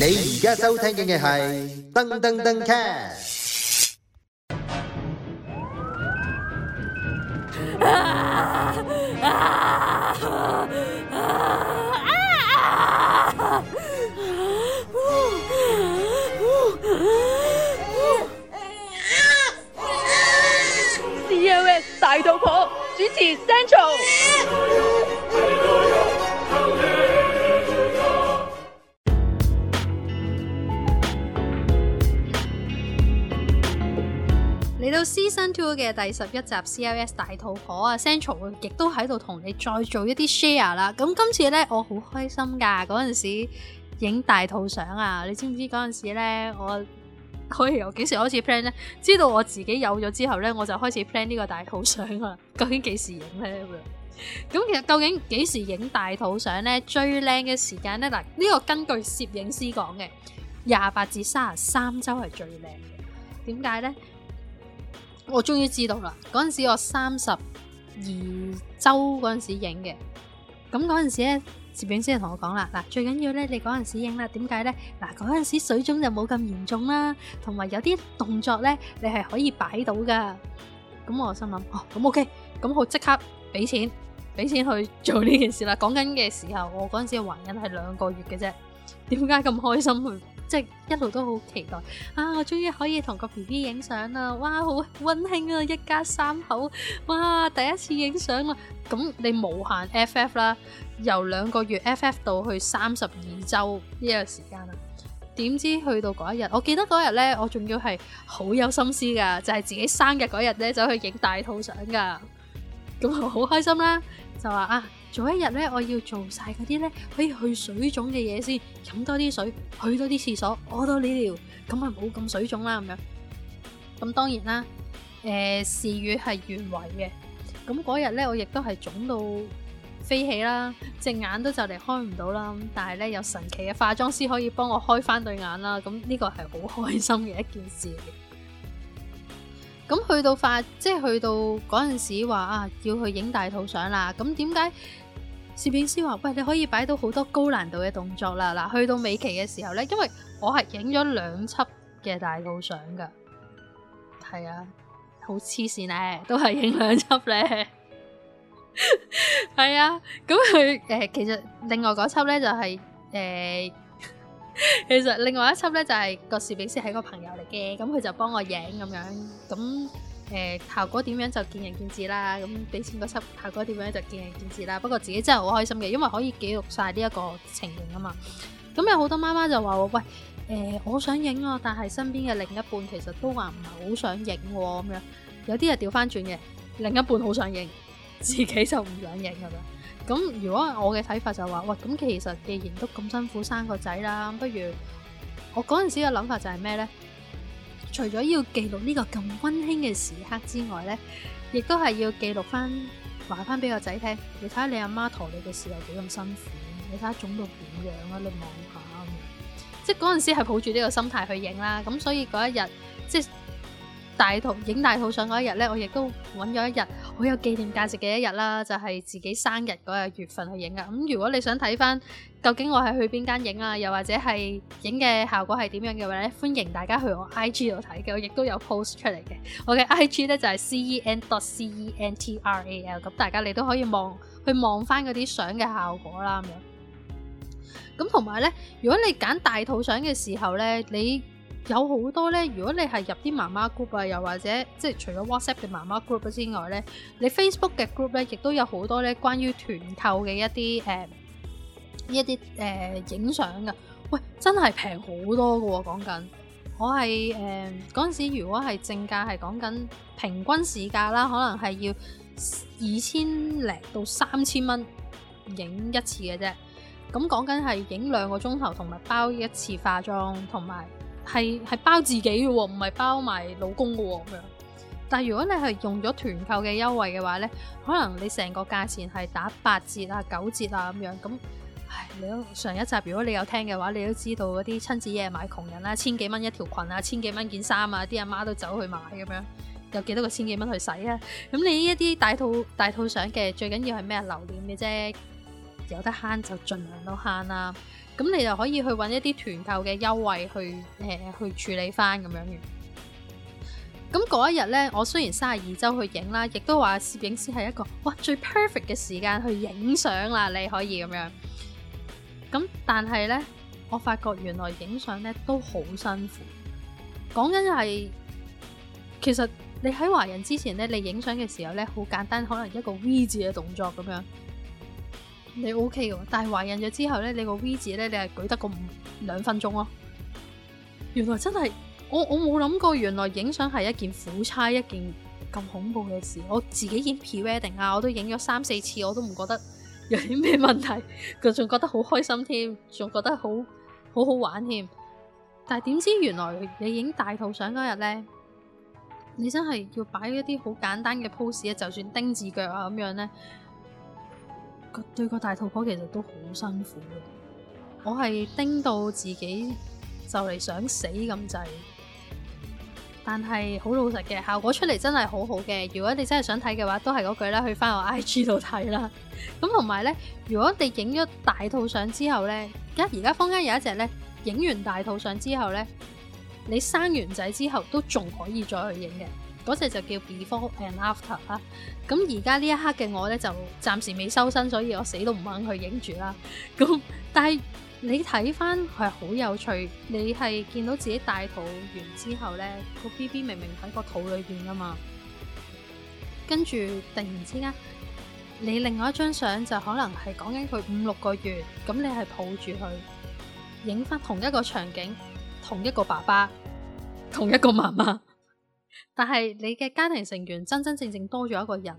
你而家收聽嘅係登登登 cat。COS 大肚婆主持 Central。Season Two 嘅第十一集 CLS 大肚婆啊，Central 亦都喺度同你再做一啲 share 啦。咁今次咧，我好開心噶，嗰陣時影大肚相啊！你知唔知嗰陣時咧，我可以由幾時開始 plan 咧？知道我自己有咗之後咧，我就開始 plan 呢個大肚相啦、啊。 究竟幾時影咧咁？咁 其實究竟幾時影大肚相咧？最靚嘅時間咧，嗱、這、呢個根據攝影師講嘅，廿八至卅三周係最靚嘅。點解咧？我終於知道啦，嗰陣時我三十二周嗰陣時影嘅。咁嗰陣時咧，攝影師就同我講啦，嗱，最緊要咧，你嗰陣時影啦，點解咧？嗱，嗰陣時水腫就冇咁嚴重啦，同埋有啲動作咧，你係可以擺到噶。咁我心諗哦，咁 OK，咁好即刻俾錢，俾錢去做呢件事啦。講緊嘅時候，我嗰陣時懷孕係兩個月嘅啫，點解咁開心去？即係一路都好期待啊！我終於可以同個 B B 影相啦！哇，好溫馨啊，一家三口，哇，第一次影相啦！咁你無限 F F 啦，由兩個月 F F 到去三十二周呢個時間啦！點知去到嗰一日，我記得嗰日呢，我仲要係好有心思噶，就係自己生日嗰日呢，走去影大肚相噶，咁我好開心啦！就話啊～早一日咧，我要做晒嗰啲咧可以去水腫嘅嘢先，飲多啲水，去多啲廁所，屙多啲尿，咁咪冇咁水腫啦咁樣。咁當然啦，誒，事與願違嘅。咁嗰日咧，我亦都係腫到飛起啦，隻眼都就嚟開唔到啦。咁但係咧，有神奇嘅化妝師可以幫我開翻對眼啦。咁呢個係好開心嘅一件事。咁去到化，即係去到嗰陣時話啊，要去影大肚相啦。咁點解？攝影師話：喂，你可以擺到好多高難度嘅動作啦。嗱，去到尾期嘅時候咧，因為我係影咗兩輯嘅大路相噶，係啊，好黐線咧，都係影兩輯咧，係啊。咁佢誒，其實另外嗰輯咧就係誒，其實另外一輯咧就係個攝影師係個朋友嚟嘅，咁佢就幫我影咁樣咁。誒效果點樣就見仁見智啦，咁俾錢嗰輯效果點樣就見仁見智啦。不過自己真係好開心嘅，因為可以記錄晒呢一個情形啊嘛。咁有好多媽媽就話：喂，誒、呃、我想影，啊，但係身邊嘅另一半其實都話唔係好想影咁樣。有啲係調翻轉嘅，另一半好想影，自己就唔想影噶啦。咁如果我嘅睇法就話：喂，咁其實既然都咁辛苦生個仔啦，不如我嗰陣時嘅諗法就係咩呢？除咗要記錄呢個咁温馨嘅時刻之外呢，亦都係要記錄翻話翻俾個仔聽，你睇下你阿媽馱你嘅時候幾咁辛苦，你睇下腫到點樣啊？你望下，即係嗰陣時係抱住呢個心態去影啦，咁所以嗰一日即係大肚影大肚相嗰一日呢，我亦都揾咗一日。好有紀念價值嘅一日啦，就係、是、自己生日嗰個月份去影啊。咁如果你想睇翻究竟我係去邊間影啊，又或者係影嘅效果係點樣嘅話咧，歡迎大家去我 IG 度睇嘅，我亦都有 post 出嚟嘅。我嘅 IG 咧就係 c e n dot c e n t r a l，咁大家你都可以望去望翻嗰啲相嘅效果啦咁樣。咁同埋咧，如果你揀大圖相嘅時候咧，你。有好多呢。如果你係入啲媽媽 group 啊，又或者即係除咗 WhatsApp 嘅媽媽 group 之外呢，你 Facebook 嘅 group 呢，亦都有好多呢，關於團購嘅一啲誒，一啲誒影相㗎。喂，真係平好多㗎喎，講緊我係誒嗰陣時，如果係正價係講緊平均市價啦，可能係要二千零到三千蚊影一次嘅啫。咁講緊係影兩個鐘頭，同埋包一次化妝，同埋。係係包自己嘅喎，唔係包埋老公嘅喎咁樣。但係如果你係用咗團購嘅優惠嘅話呢，可能你成個價錢係打八折啊、九折啊咁樣。咁唉，你都上一集如果你有聽嘅話，你都知道嗰啲親子嘢買窮人啦，千幾蚊一條裙啊，千幾蚊件衫啊，啲阿媽都走去買咁樣，有幾多個千幾蚊去使啊？咁你呢一啲大套大套相嘅最緊要係咩？留念嘅啫，有得慳就儘量都慳啊！咁你就可以去揾一啲團購嘅優惠去誒、呃、去處理翻咁樣嘅。咁嗰一日呢，我雖然三十二周去影啦，亦都話攝影師係一個哇最 perfect 嘅時間去影相啦，你可以咁樣。咁但係呢，我發覺原來影相呢都好辛苦。講緊係，其實你喺懷孕之前呢，你影相嘅時候呢，好簡單，可能一個 V 字嘅動作咁樣。你 O K 嘅，但係懷孕咗之後咧，你個 V 字咧，你係舉得個兩分鐘咯。原來真係，我我冇諗過，原來影相係一件苦差，一件咁恐怖嘅事。我自己已經影 pre-wedding 啊，我都影咗三四次，我都唔覺得有啲咩問題，佢仲覺得好開心添，仲覺得好好好玩添。但係點知原來你影大肚相嗰日咧，你真係要擺一啲好簡單嘅 pose 啊，就算丁字腳啊咁樣咧。個對個大肚婆其實都好辛苦，我係叮到自己就嚟想死咁滯，但係好老實嘅效果出嚟真係好好嘅。如果你真係想睇嘅話，都係嗰句啦，去翻我 IG 度睇啦。咁同埋呢，如果你影咗大肚相之後呢，而家坊間有一隻呢，影完大肚相之後呢，你生完仔之後都仲可以再去影嘅。嗰隻就叫 Before and After 啦，咁而家呢一刻嘅我呢就暫時未收身，所以我死都唔肯去影住啦。咁但係你睇返係好有趣，你係見到自己大肚完之後呢個 BB 明明喺個肚裏邊噶嘛，跟住突然之間你另外一張相就可能係講緊佢五六個月，咁你係抱住佢影返同一個場景，同一個爸爸，同一個媽媽。但係你嘅家庭成員真真正正多咗一個人，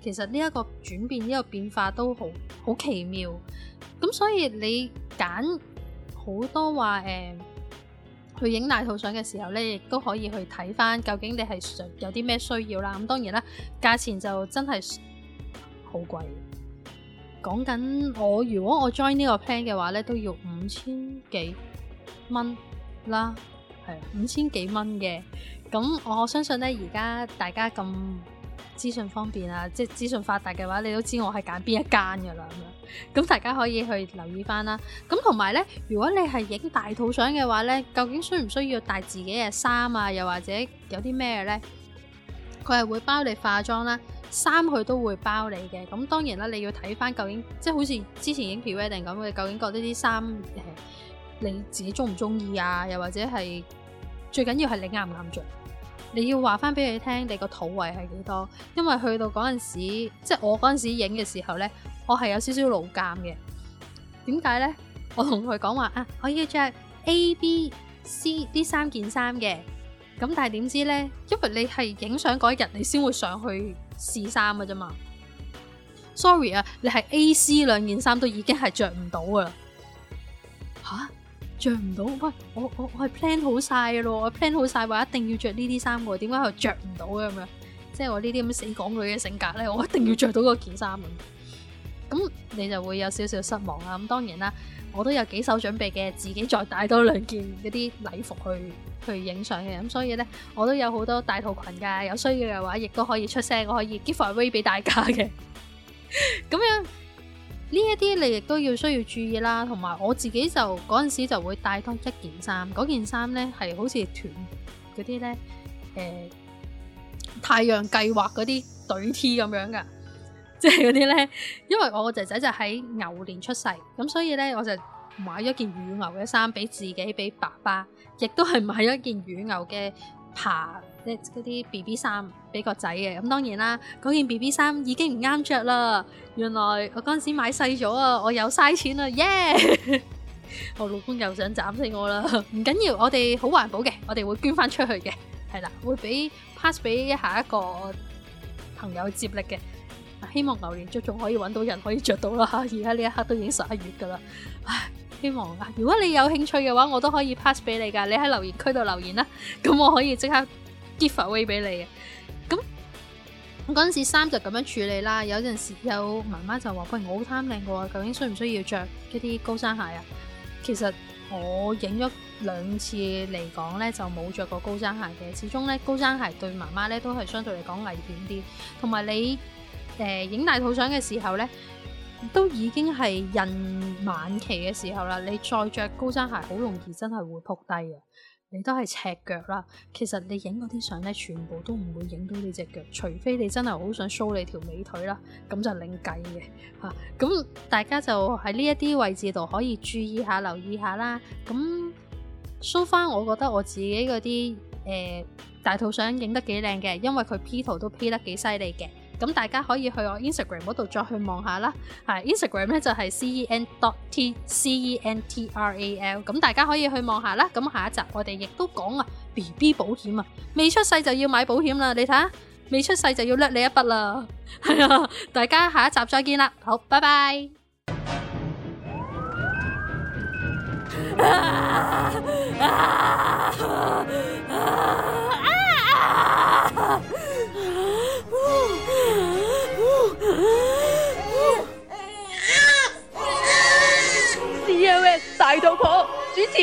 其實呢一個轉變呢、呢個變化都好好奇妙。咁所以你揀好多話誒、呃，去影大套相嘅時候咧，亦都可以去睇翻究竟你係有啲咩需要啦。咁當然啦，價錢就真係好貴。講緊我如果我 join 呢個 plan 嘅話呢都要五千幾蚊啦，係五千幾蚊嘅。咁我相信咧，而家大家咁資訊方便啊，即係資訊發達嘅話，你都知我係揀邊一間噶啦，咁大家可以去留意翻啦。咁同埋咧，如果你係影大肚相嘅話咧，究竟需唔需要帶自己嘅衫啊？又或者有啲咩咧？佢係會包你化妝啦、啊，衫佢都會包你嘅。咁當然啦，你要睇翻究竟，即係好似之前影 pre-wedding 咁，你究竟覺得啲衫誒你自己中唔中意啊？又或者係最緊要係你啱唔啱着？你要話翻俾佢聽，你個肚圍係幾多？因為去到嗰陣時，即係我嗰陣時影嘅時候呢，我係有少少老監嘅。點解呢？我同佢講話啊，我要着 A、B、C 呢三件衫嘅。咁但係點知呢？因為你係影相嗰一日，你先會上去試衫嘅啫嘛。Sorry 啊，你係 A、C 兩件衫都已經係着唔到噶啦。吓、啊？着唔到喂，我我我係 plan 好晒嘅咯，我 plan 好晒話一定要着呢啲衫嘅，點解又着唔到嘅咁樣？即係我呢啲咁死港女嘅性格咧，我一定要着到嗰件衫嘅。咁你就會有少少失望啦。咁當然啦，我都有幾手準備嘅，自己再帶多兩件嗰啲禮服去去影相嘅。咁所以咧，我都有好多大肚裙噶，有需要嘅話，亦都可以出聲，我可以 give away 俾大家嘅。咁 樣。呢一啲你亦都要需要注意啦，同埋我自己就嗰陣時就會帶多一件衫，嗰件衫咧，係好似團嗰啲咧，誒太陽計劃嗰啲隊 T 咁樣嘅，即係嗰啲咧，因為我個仔仔就喺牛年出世，咁所以咧，我就買咗件乳牛嘅衫俾自己，俾爸爸，亦都係買咗件乳牛嘅爬，即係嗰啲 BB 衫。俾個仔嘅咁，當然啦，嗰件 BB 衫已經唔啱着啦。原來我嗰陣時買細咗啊，我又嘥錢啦。耶、yeah! 我老公又想斬死我啦。唔緊要，我哋好環保嘅，我哋會捐翻出去嘅，係啦，會俾 pass 俾下一個朋友接力嘅。希望留言着仲可以揾到人可以着到啦。而家呢一刻都已經十一月噶啦，唉，希望。啊！如果你有興趣嘅話，我都可以 pass 俾你噶。你喺留言區度留言啦，咁我可以即刻 give away 俾你。嗰陣時衫就咁樣處理啦。有陣時有媽媽就話：喂，我好貪靚嘅喎，究竟需唔需要着一啲高踭鞋啊？其實我影咗兩次嚟講呢，就冇着過高踭鞋嘅。始終呢，高踭鞋對媽媽呢都係相對嚟講危險啲。同埋你誒影、呃、大肚相嘅時候呢，都已經係孕晚期嘅時候啦。你再着高踭鞋，好容易真係會仆低啊！你都係赤腳啦，其實你影嗰啲相呢，全部都唔會影到你隻腳，除非你真係好想 show 你條美腿啦，咁就另計嘅吓。咁大家就喺呢一啲位置度可以注意下、留意下啦。咁 show 翻，我覺得我自己嗰啲誒大肚相影得幾靚嘅，因為佢 P 圖都 P 得幾犀利嘅。咁大家可以去我 Instagram 嗰度再去望下啦，係 Instagram 咧就係 cen.dot.t c e n t r a l，咁大家可以去望下啦。咁下一集我哋亦都講啊，BB 保險啊，未出世就要買保險啦，你睇下，未出世就要掠你一筆啦，係啊，大家下一集再見啦，好，拜拜。